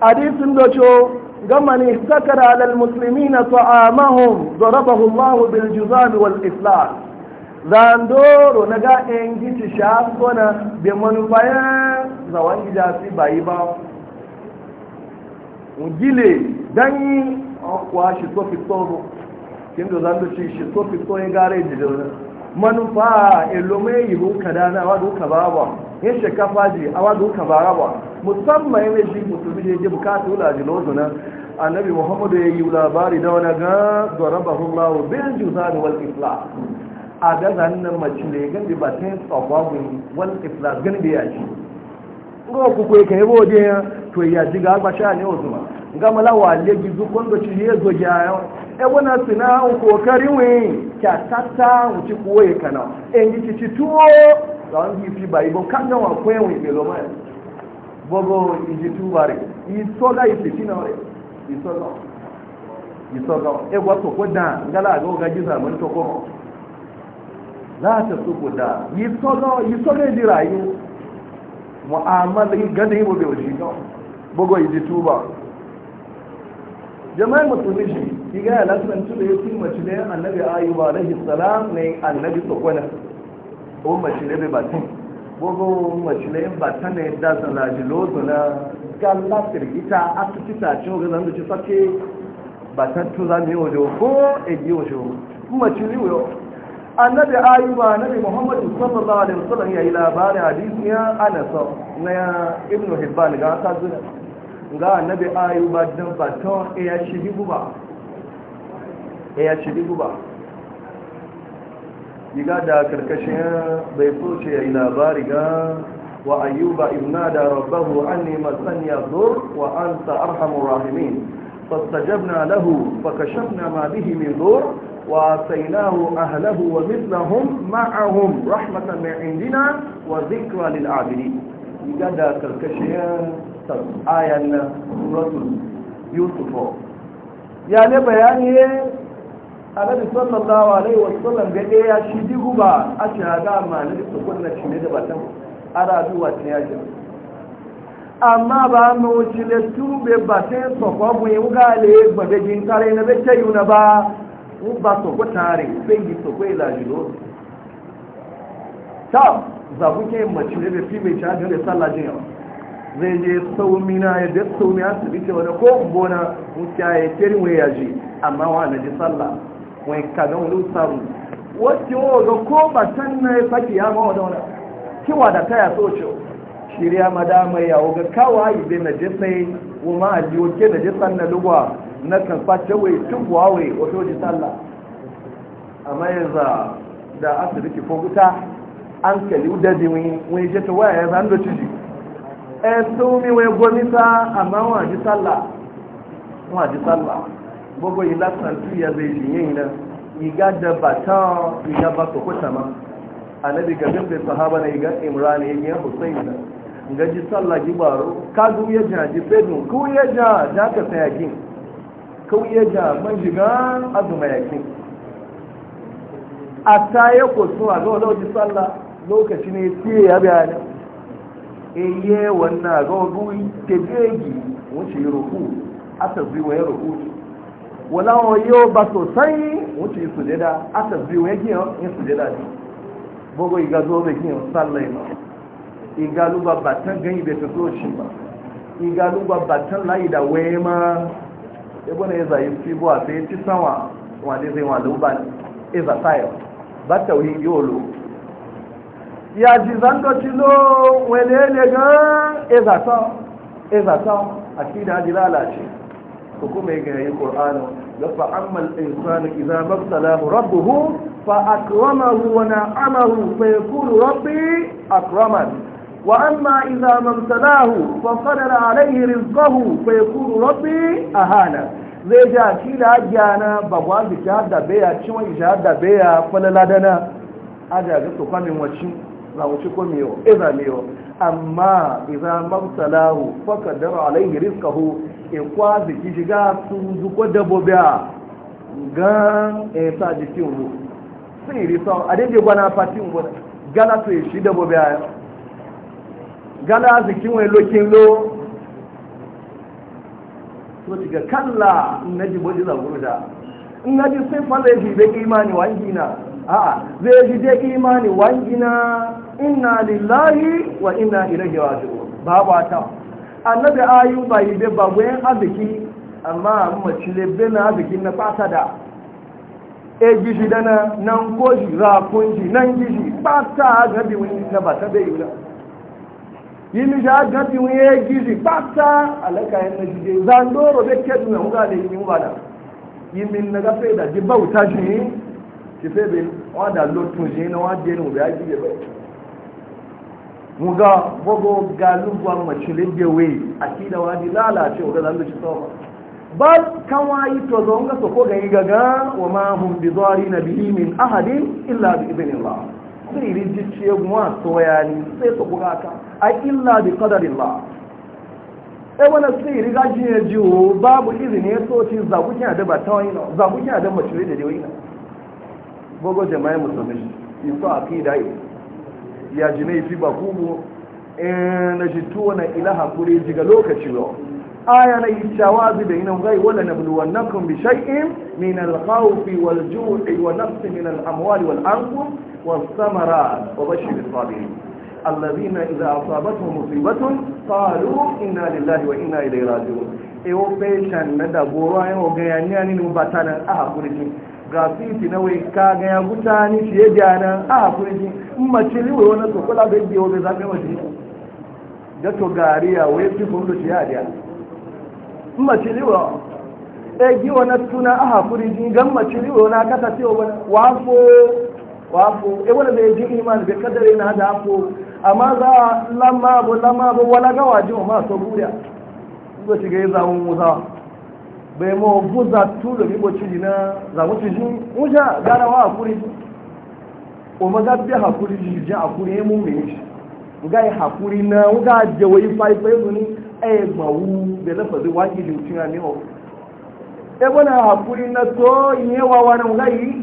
hadisin da cho gama ne sakara alal musulmi na ta'amahum zarabahu allah bil juzami wal islam zandoro na ga en gici shafona bi manufaya zawan gida fi bayi ba mugile dan akwa shi so fi so zando shi shi so gare ji manufa ilomai yi ruka dana a wadda ruka bawa yin shekafa ji a wadda ruka wa. musamman yana ji mutum da ya ji bukata wula ji lozuna annabi muhammadu ya yi labari da wani ga zaraba lawo bin da wal ifla a gaza nan mace ne ya gani ba ta yi tsawabin wal ifla gani da ya ko ku kai kai bo de to ya ji ga ba sha ne wasu ma ga malawa le gizu kondo ci ne zo ya ebona sina kokari we kya tata uti kuwe kana engi titi tuo rangi fi baibo kanga wa kwe kwewe ngelo maya bogo iji tuware isoga ifitina ore isoga isoga egwa to koda ngala go gaji za mun to ko za ta su koda isoga isoga ji rayu mu'amala gadi bo be ojiga bogo iji tuware jama'ai musulmi shi yi gaya lasantu da ya fi mace da annabi ayuba alaihi salam ne annabi sokwana Ko mace da bai batun gbogbo mace da yin ta ne da ji lozo na gala firgita a tuki tace oge zan da ci sake ta tu za mu yi wajo ko yi e wajo mace ne wuyo annabi ba annabi muhammadu sallallahu alaihi wasallam ya yi labarin hadisiya anasa na ibnu hibban ga ta zuwa ga annabi ayuba din baton ya shidi guba ya shidi guba diga da karkashin bai fuce ya yi labari ga wa ayyuba ibnada rabbahu anni masani yadur wa anta arhamur rahimin fastajabna lahu fakashafna ma bihi min dur وآتيناه أهله ومثلهم معهم رحمة من عندنا وذكرى للعابدين يقدر كالكشيان ayan na suratul yusuf ya ne bayani ne annabi sallallahu alaihi wasallam ga ɗaya ya shi digu ba a shahada ma na da sukun na cine da batan ara zuwa cin yajin amma ba mu wuce da tube batan sokwa bu yi wuga le gbadagin kare na bai tayu na ba mu ba sokwa tare sai yi sokwa ila jiro ta zabuke mace ne bai fi mai shahada da sallah jin zai je saumi na ya da saumi asibiti wani ko gona wuta ya kiri wani ya ji amma wa na ji sallah wani kaga wani wasu yi wa ga ko batan na ya faki ya ma da wani kiwa da taya so ce shirya ma madama ya ga yi bai na je sai wa ma aliyoke na je tsalla lugwa na kan face wai kuwa wai wato ji sallah amma yanzu da asibiti ko wuta an kali da wani je waya ya zan da ciki ẹ̀sùn mi wọ́n gbọ́ níta àmọ́ wọn àjí sálà wọn àjí sálà gbogbo yìí lásán tí ìyá bẹ yìí náà ìgá dẹba tán ìgá bá tàmá anabi ga na ìgá imran ya yẹn hussein ga ji sálà gibaro kágun yẹ jà ji fẹdùn kú yẹ jà já ka sẹ yakin kú yẹ jà man jìgá azuma yakin a ta yẹ kò sún àgọ́ ne eye wannan ga wagui tebegi wuce yi ruku atasbi wa ya ruku wala wa yo ba sosai wuce yi sujada atasbi wa ya kiyo yi sujada ne bogo iga zo be kiyo sallai ma iga luba batan gani be ta so shi ma iga luba batan layi da waye ma ebo ne za yi fi bo a sai ci sama wa dai zai wa luba ne iza e tayo ba tauhidi yolo ya ji zango cilo welele ga ezata ezata a cikin da ji lalace ko kuma ga yi qur'ani da fa amal insanu idza mabtalahu rabbuhu fa akramahu wa na'amahu fa yaqulu rabbi akraman wa amma idza mamtalahu fa qadara alayhi rizqahu fa yaqulu rabbi ahana zai ji a cikin da haji ana bagwa da jihar da beya ciwon jihar da beya falaladana a ga ga tukwamin wacin za mu ci komewa iza mewa amma iza mamsalahu fakadar alayhi rizqahu e kwazi ki shiga su zuko dabobi ga e sa jikin mu sai ri sa a dinde gwana fati mu gala to e shi dabobi ayo gala zikin wai lokin lo to diga kalla naji bodi za guruda in naji sai fa zai bi imani wa injina a'a zai ji je imani wangina inna lillahi wa inna ilaihi raji'un ba ta annabi ayu bai be ba wen abiki amma amma cile be na abikin na fata da e gishi dana nan ko shi ra kun nan gishi fata ga bi wani na ba ta bai yula yi mi ja ga bi wani e gishi fata alaka yan na jide zandoro be kedu na muga da yi mi ba da yi min na gafe da ji bauta shi ti fẹ́bí wọ́n dà ló tún ṣe iná wọ́n dé ní òbí ajílẹ̀ bẹ̀rẹ̀ mú ga gbogbo ga lè gbé jẹ́wé àti ìdáwà di àti òkè lálẹ́ ṣe sọ́ọ̀bà bá káwọn ayé tọ̀zọ̀ ń gàsọ̀ kó gẹ̀yìn gàgá wọ́n máa hùn na bí min illa bi ibn Allah sai ri ni illa bi babu izini da gogo jama'i musulmi iso a fi ya ji ne fi bakubu na ji tuwa na ila hakuri lokaci yau aya na yi shawazi da ina gai wala na buluwa wannan kun bi shay'in min al-khawfi wal wa nafsi min al-amwali wal anfus was samarat wa bashir as-sabirin الذين إذا أصابتهم مصيبة قالوا إنا لله وإنا إليه راجعون ewo pe na da goro ayin ogan ya ni ni mu batana a hakuri ga fiti na wai ka ga ya mutane shi ya jana a kurji in mace liwai wani sokola bai biyo bai zaɓe mace da to gariya wai fi kundu shi ya diya in mace liwai e gi wani tuna a hakuri jin gan mace liwai wani kasa ce wa wafo wafo e wani bai ji iman bai kadare na da hafo amma za a lama bu lama bu wala gawa ji wa masu buriya ba shiga ya zaun musawa bai mo guza tulo bi boci dina za mu tiji uja gara wa hakuri o maga bi hakuri ji ji hakuri mu me shi ga yi hakuri na uga je wai fai fai zuni ai e gbawu da lafazi waki ji tunya ne o e bona hakuri na to yewa wani uga yi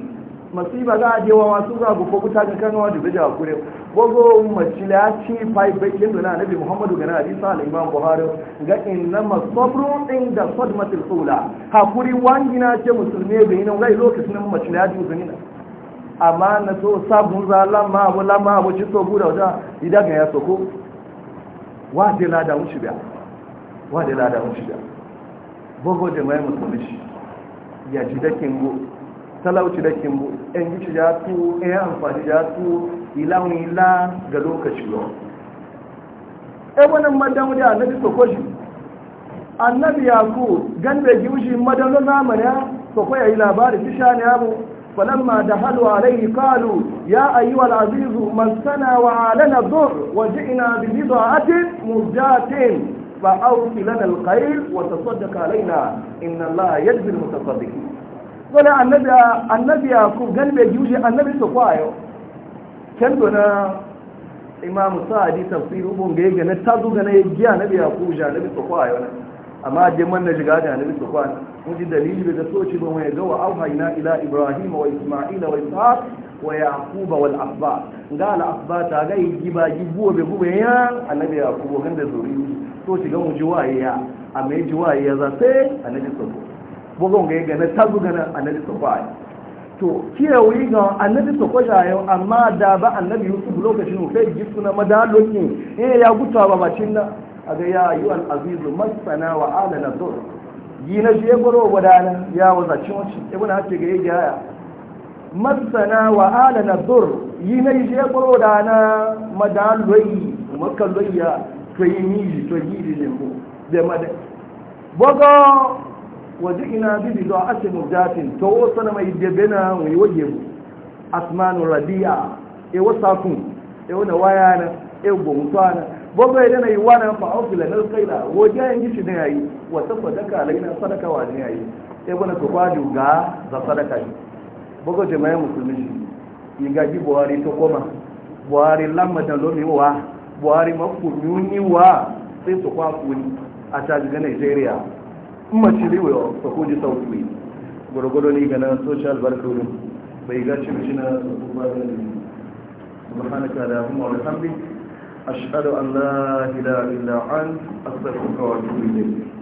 masiba za a je wa masu za ko mutane kan da bija kure gogo macila ci fai bakin da nabi muhammadu gana hadisi al imam buhari ga inna masabru sod matil ula hakuri wangina ce musulmi yi nan gai lokacin nan macila ji zanina amma na so sabun za lamma abu lamma abu ci so guda da idan ga ya soko wa da lada mun shiga wa da lada gogo da mai musulmi ya ji dakin go talauci da kimbo in gici ya tu amfani ya tu ila ga lokaci ba. e eh, wani madamu da annabi sokoshi annabi ya ku gan da giushi madamu zamani ya sokoya yi labari shi shani abu فلما دخلوا عليه قالوا يا أيها العزيز مسنا وعلنا الضر وجئنا ببضاعة مزجاة فأوف لنا القيل وتصدق علينا إن الله يجزي المتصدقين wani annabi yakub gani mai juji annabi su kwayo kyan dona imam sa'adi tafi ubun ga yake na tazu ga na yake annabi yakub ja annabi su kwayo na amma a man na jiga da annabi su kwayo mun ji dalili da soci ba mai ga wa auhayna ila ibrahim wa isma'ila wa ishaq wa yaquba wal asba ga al asba ta ga yi ba yi bai gube ya annabi kan da zuri so shiga mu ji waye ya amma ji waye ya za sai annabi su kwayo bugun ga gane tazu gane annabi sofai to wuri ga annabi sofai yau, amma da ba annabi yusuf lokacin sai ji na madalokin eh ya guta ba bacin na a ga ya yi al azizu masana wa adana zo yi na je gwaro gudana ya waza cin ya ibn hake ga yake haya masana wa adana zo yi na je ya da na madaloyi makalloyi ya to yi miji to yi limbo da madai bogo waje ina bibi zuwa ake murjatin to wasu na mai jebena mai waje mu asmanu rabia e wasa kun e wani waya na e gwamta na gwamta na yi wa na fa'afila na kaila waje yan gishi na yayi wata sadaka alaina sadaka wa ne yayi e wani kubaju ga za sadaka ni. bugu jama'a musulmi shi yi gaji buhari ta koma buhari lamata lomi wa buhari mafi yuni wa sai su kwaku a cajiga nigeria dia tak kunci ni mace ne wa ta kuji sauki mai gwargwado ne gana social barkin rum bai gashi mace na kuma da ne subhanaka da kuma wani hamdi ashhadu an la ilaha illa an astaghfiruka wa atubu ilayk